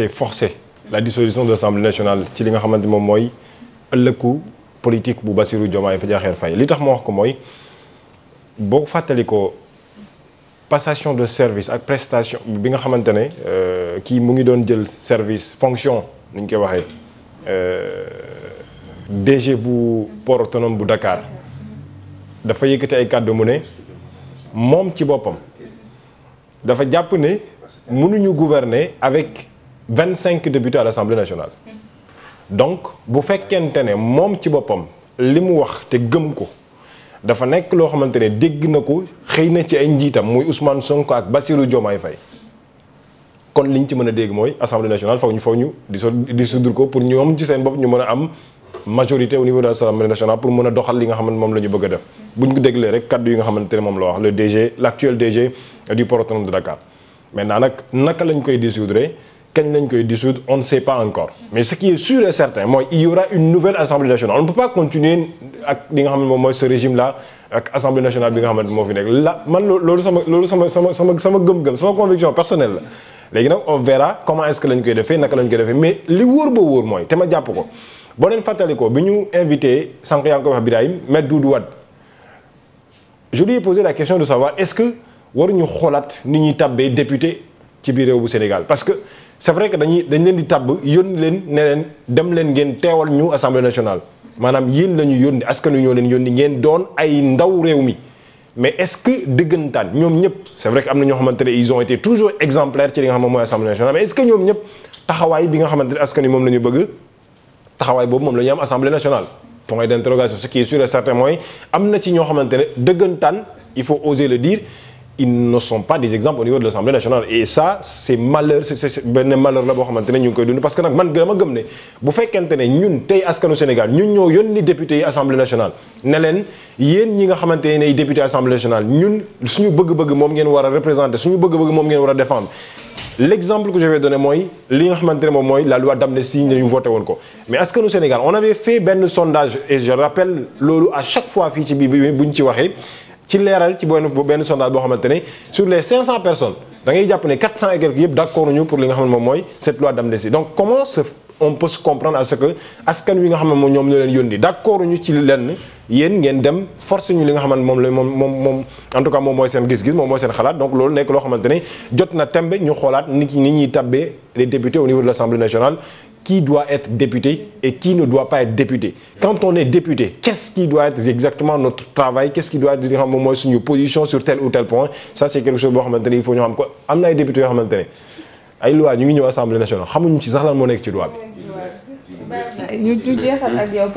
c'est forcé la dissolution de l'Assemblée nationale ci li nga xamante moom mooy ëllëgu politique bu Bassirou Diomaye Diakhar Faye li tax ma wax ko mooy boo fàttali ko passation de service ak prestation bi nga xamante ne euh, kii mu ngi doon jël service fonction ni ñu koy waxee euh, DG bu port autonome bu dakaar dafa yëkkati ay kàddu mu ne moom ci boppam dafa jàpp ne mënuñu gouverner avec vingt cinq députés à l'Assemblée nationale donc bu fekkente ne moom ci boppam li mu wax te gëm ko dafa nekk loo xamante ne dégg na ko xëy na ci ay njiitam muy Ousmane Sonko ak Bassirou Diomaye Faye kon liñ ci mën a dégg mooy assemblée nationale faw ñu faw ñu dissoudre ko pour ñoom ci seen bopp ñu mën a am majorité au niveau de nationale pour mën a doxal li nga xamante moom la ñu bëgg a def buñ ko déglee rek kaddu yi nga xamante ne moom la wax le DG l'actuel DG du port autonome de Dakar maintenant nag naka lañ koy dissoudre kañ lañ koy dissoudre on ne sait pas encore mais ce qui est sûr et certain mooy il y aura une nouvelle assemblée nationale on ne peut pas continuer ak li nga xam ne moom mooy ce régime là ak assemblée nationale bi nga xamante moo fi nekk la man loolu sama loolu sama sama sama gëm-gëm sama conviction personnelle la léegi nag on comment est que lañ koy defee naka lañ koy defee mais li wóor ba wóor mooy te ma jàpp ko boo leen fàttalikoo bi ñu invité sànq yaa ngi koy wax Birahim Maître Doudou Wade je lui ai posé la que waruñu xoolaat ni ñuy tabbee député ci biir réew bu Sénégal parce que c'est vrai que dañuy dañ leen di tàbb yónni leen ne leen dem leen ngeen teewal ñu assemblée nationale maanaam yéen la ñu yónni askan wi ñoo leen ni ngeen doon ay ndaw réew mi mais est-ce que dëggantaan ñoom ñëpp c'est vrai que am na ñoo xamante ne on ont été toujours exemplaires ci li nga xam ne mooy assemblée moom la ñu bëgg taxawaay boobu moom la ñu am assemblée nationale point d'interrogation ce qui est sûr mooy am na ñoo xamante ne dëggantaan il faut oser ils ne sont pas des exemples au niveau de l'Assemblée nationale et ça c'est malheur c'est benn malheur la boo xamante ne ñu ngi koy dund parce que nag man dama gëm ne bu fekkente ne ñun tey askanu Sénégal ñun ñoo yónni député Assemblée nationale ne leen yéen ñi nga xamante ne député Assemblée nationale ñun suñu bëgg-bëgg moom ngeen war a représenter suñu bëgg-bëgg moom ngeen war a défendre l'exemple que je vais donner mooy li nga xamante ne moom mooy la loi ko mais askanu Sénégal on avait fait benn fois fii ci bi buñ ci leeral ci benn benn sondage boo xamante ne sur les 500 personnes da jàpp ne 400 et quelques yëpp d'accord ñu pour li nga xam ne moom mooy cette loi d'amnistie donc comment se on peut se comprendre à ce que askan wi nga xam moom ñoom ñoo leen yónni d'accord ñu ci lenn yéen ngeen dem force ñu li nga xamante moom la moom moom moom en tout cas moom mooy seen gis-gis moom mooy seen xalaat donc loolu nekk loo xamante jot na tembe ñu xoolaat nit ñi ñuy tabbee au niveau de l'Assemblée qui doit être député et qui ne doit pas être député quand on est député qu'est-ce qui doit être exactement notre travail qu'est-ce qui doit être li nga xam moom mooy suñu position sur tel ou tel point ça c'est quelque chose boo xamante ne il faut ñu xam ko am na ay députés yoo xamante ne ay loi ñu ngi ñëw assemblée nationale xamuñu ci sax lan